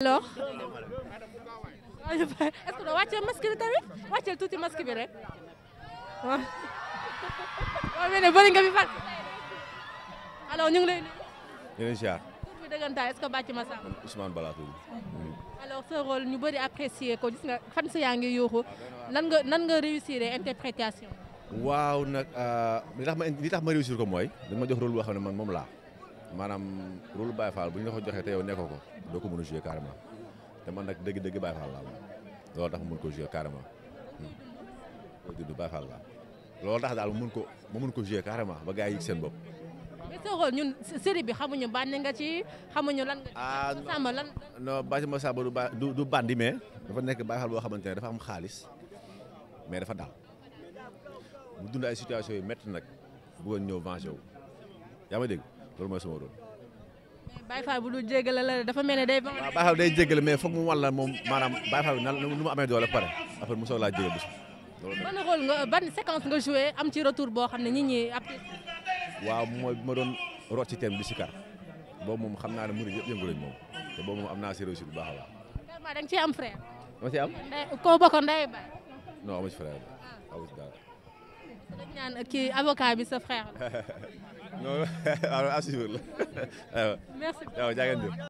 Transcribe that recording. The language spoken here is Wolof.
alors est-ce que doo wàccee masque bi nag bëri nga ñu ngi lay nuyu. yéen a bàcc ma sàmm. ñu bëri apprécier ko gis nga fan yaa ngi yuuxu nan nga nan nga réussir interprétation. waaw nag euh, li tax ma tax ma réussir ko mooy dañ ma jox rôle boo xam ne man moom laa. maanaam lu Baye Fall bu ñu la ko joxee te yow nekkoo ko doo ko mën a jouer carrément te man nag dëgg-dëgg Baye Fall laa moom loolu tax mu mën ko jouer carrément hmm. loolu loolu tax daal mu ko mu mën ko jouer carrément ba gars yi yëg seen bopp. mais soo xool ñun série bi xamuñu bànn nga ci xamuñu lan nga. ah non du ba du bandi mais dafa nekk Baye Fall boo xamante ne dafa am xaalis mais dafa daal mu dund ay situation yu métti nag bëggoon ñëw venger wu yaa ma dégg. loolu mooy sama rôle. mais Baye Fall bu dul jéggale la dafa mel ne day. waaw Baye Fall day jéggale mais foog mu wan la moom maanaam Baye Fall nan nu mu amee doole pare après mu soog laa jégal bis. ban rôle nga ban séquence nga joué am ci retour boo xam ne nit ñi ab. waaw mooy bi ma doon root ci bi Sikar boobu moom xam naa ne murid yëpp yëngu lañ moom te am naa si réussite bu baax a baax. vraiment da nga ciy am frère. ma ciy am. koo bokkoon ndey baay. non amu ci frère. Ah. amu ci bi sa frère non alors à suivre la waaw. merci waaw jaa ngeen jëf